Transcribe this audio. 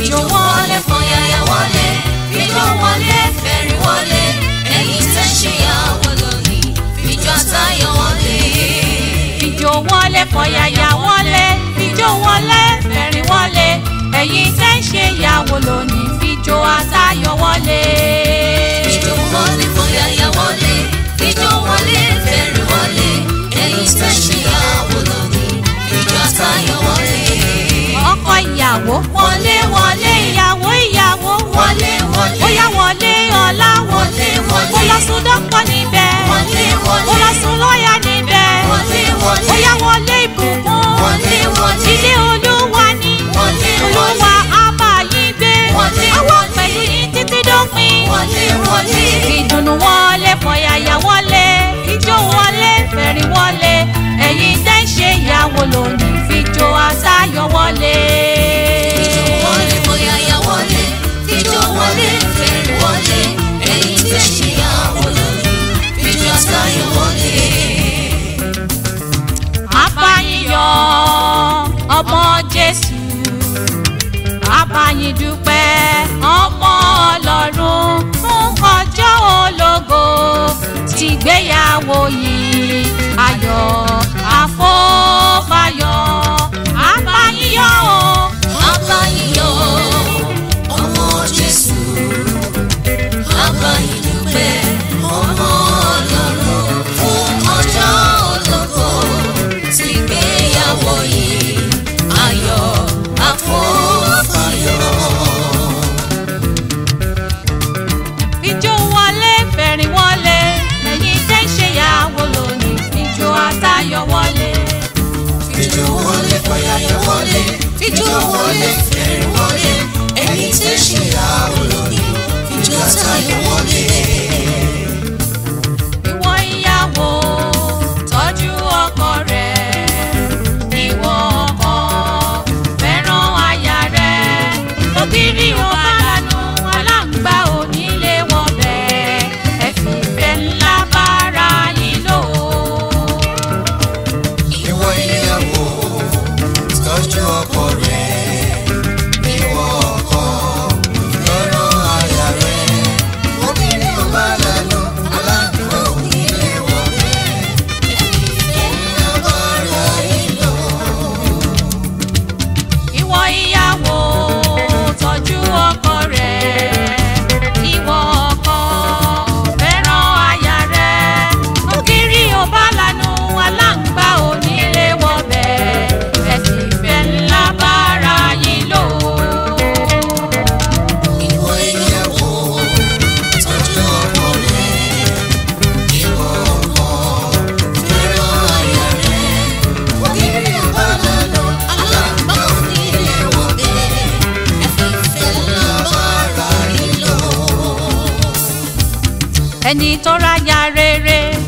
fìjò wọlé fọyàyà wọlé fìjò wọlé fẹ̀rí wọlé ẹ̀yin tẹ́ ṣèyàwó lónìí fìjò àtayọ̀ wọlé. fìjò wọlé fọyàyà wọlé fìjò wọlé fẹ̀rí wọlé ẹ̀yin tẹ́ ṣèyàwó. 我。ẹni tó ráyà rere.